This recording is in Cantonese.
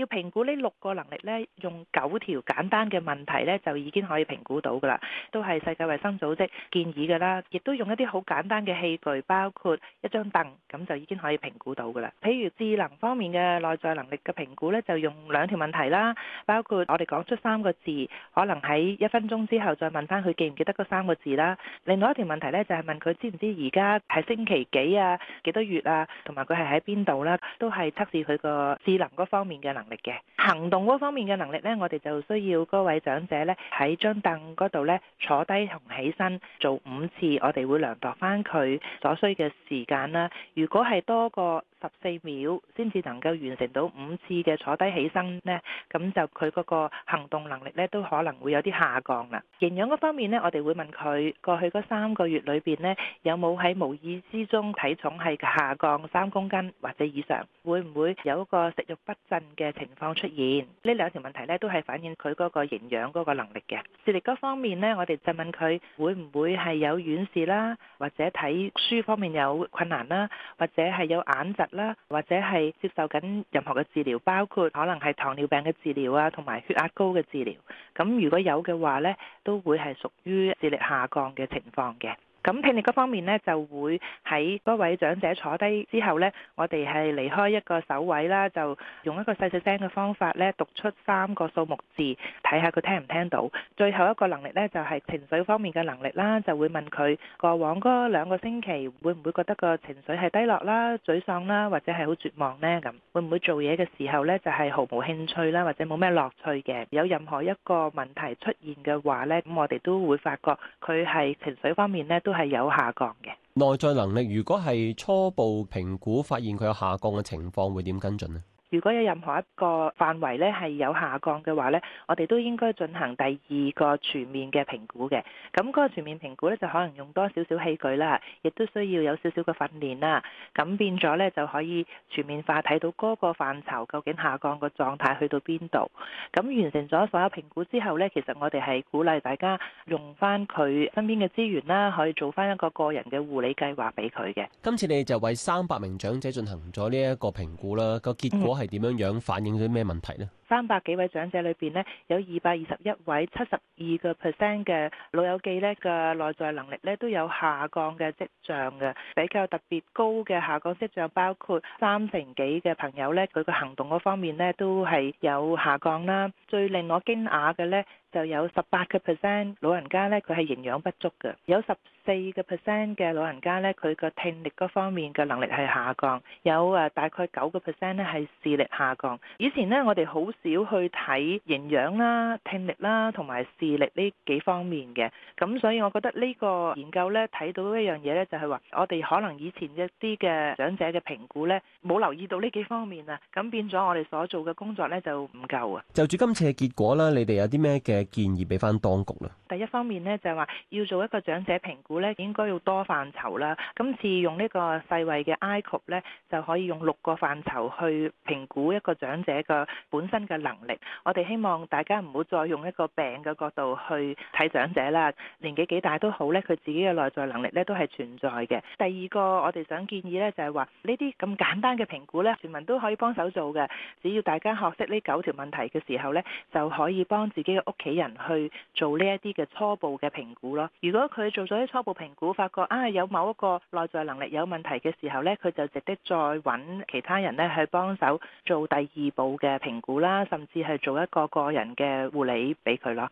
要評估呢六個能力咧，用九條簡單嘅問題咧，就已經可以評估到噶啦，都係世界衛生組織建議噶啦，亦都用一啲好簡單嘅器具，包括一張凳，咁就已經可以評估到噶啦。譬如智能方面嘅內在能力嘅評估咧，就用兩條問題啦，包括我哋講出三個字，可能喺一分鐘之後再問翻佢記唔記得嗰三個字啦。另外一條問題咧，就係問佢知唔知而家係星期幾啊、幾多月啊，同埋佢係喺邊度啦，都係測試佢個智能嗰方面嘅能力。嘅行動嗰方面嘅能力咧，我哋就需要嗰位長者咧喺張凳嗰度咧坐低同起身做五次，我哋會量度翻佢所需嘅時間啦。如果係多過十四秒先至能夠完成到五次嘅坐低起身呢，咁就佢嗰個行動能力呢都可能會有啲下降啦。營養嗰方面呢，我哋會問佢過去嗰三個月裏邊呢，有冇喺無意之中體重係下降三公斤或者以上，會唔會有一個食慾不振嘅情況出現？呢兩條問題呢都係反映佢嗰個營養嗰個能力嘅。視力嗰方面呢，我哋就問佢會唔會係有遠視啦，或者睇書方面有困難啦，或者係有眼疾。啦，或者係接受緊任何嘅治療，包括可能係糖尿病嘅治療啊，同埋血壓高嘅治療。咁如果有嘅話呢都會係屬於智力下降嘅情況嘅。咁聽力嗰方面咧就會喺嗰位長者坐低之後咧我哋係離開一個首位啦，就用一個細細聲嘅方法咧讀出三個數目字，睇下佢聽唔聽到。最後一個能力咧就係、是、情緒方面嘅能力啦，就會問佢過往嗰兩個星期會唔會覺得個情緒係低落啦、沮喪啦，或者係好絕望咧咁會唔會做嘢嘅時候咧就係、是、毫無興趣啦，或者冇咩樂趣嘅。有任何一個問題出現嘅話咧咁我哋都會發覺佢係情緒方面咧都係有下降嘅內在能力。如果係初步評估發現佢有下降嘅情況，會點跟進呢？如果有任何一個範圍咧係有下降嘅話咧，我哋都應該進行第二個全面嘅評估嘅。咁嗰個全面評估咧就可能用多少少器具啦，亦都需要有少少嘅訓練啦。咁變咗咧就可以全面化睇到嗰個範疇究竟下降嘅狀態去到邊度。咁完成咗所有評估之後咧，其實我哋係鼓勵大家用翻佢身邊嘅資源啦，可以做翻一個個人嘅護理計劃俾佢嘅。今次你就為三百名長者進行咗呢一個評估啦，個結果係點樣樣反映咗啲咩問題咧？三百幾位長者裏邊呢，有二百二十一位，七十二個 percent 嘅老友記呢，嘅內在能力咧，都有下降嘅跡象嘅。比較特別高嘅下降跡象包括三成幾嘅朋友呢，佢個行動嗰方面呢都係有下降啦。最令我驚訝嘅呢，就有十八個 percent 老人家呢，佢係營養不足嘅，有十四個 percent 嘅老人家呢，佢個聽力嗰方面嘅能力係下降，有啊大概九個 percent 呢係視力下降。以前呢，我哋好少去睇營養啦、聽力啦同埋視力呢幾方面嘅，咁所以我覺得呢個研究呢，睇到一樣嘢呢，就係話我哋可能以前一啲嘅長者嘅評估呢，冇留意到呢幾方面啊，咁變咗我哋所做嘅工作呢，就唔夠啊。就住今次嘅結果啦，你哋有啲咩嘅建議俾翻當局咧？第一方面呢，就係話要做一個長者評估呢，應該要多範疇啦。今次用呢個世衞嘅 ICOPE 呢，就可以用六個範疇去評估一個長者嘅本身嘅能力，我哋希望大家唔好再用一個病嘅角度去睇長者啦。年紀幾大都好咧，佢自己嘅內在能力咧都係存在嘅。第二個我哋想建議咧，就係話呢啲咁簡單嘅評估咧，全民都可以幫手做嘅。只要大家學識呢九條問題嘅時候咧，就可以幫自己嘅屋企人去做呢一啲嘅初步嘅評估咯。如果佢做咗啲初步評估，發覺啊有某一個內在能力有問題嘅時候咧，佢就值得再揾其他人咧去幫手做第二步嘅評估啦。甚至係做一個個人嘅護理俾佢囉。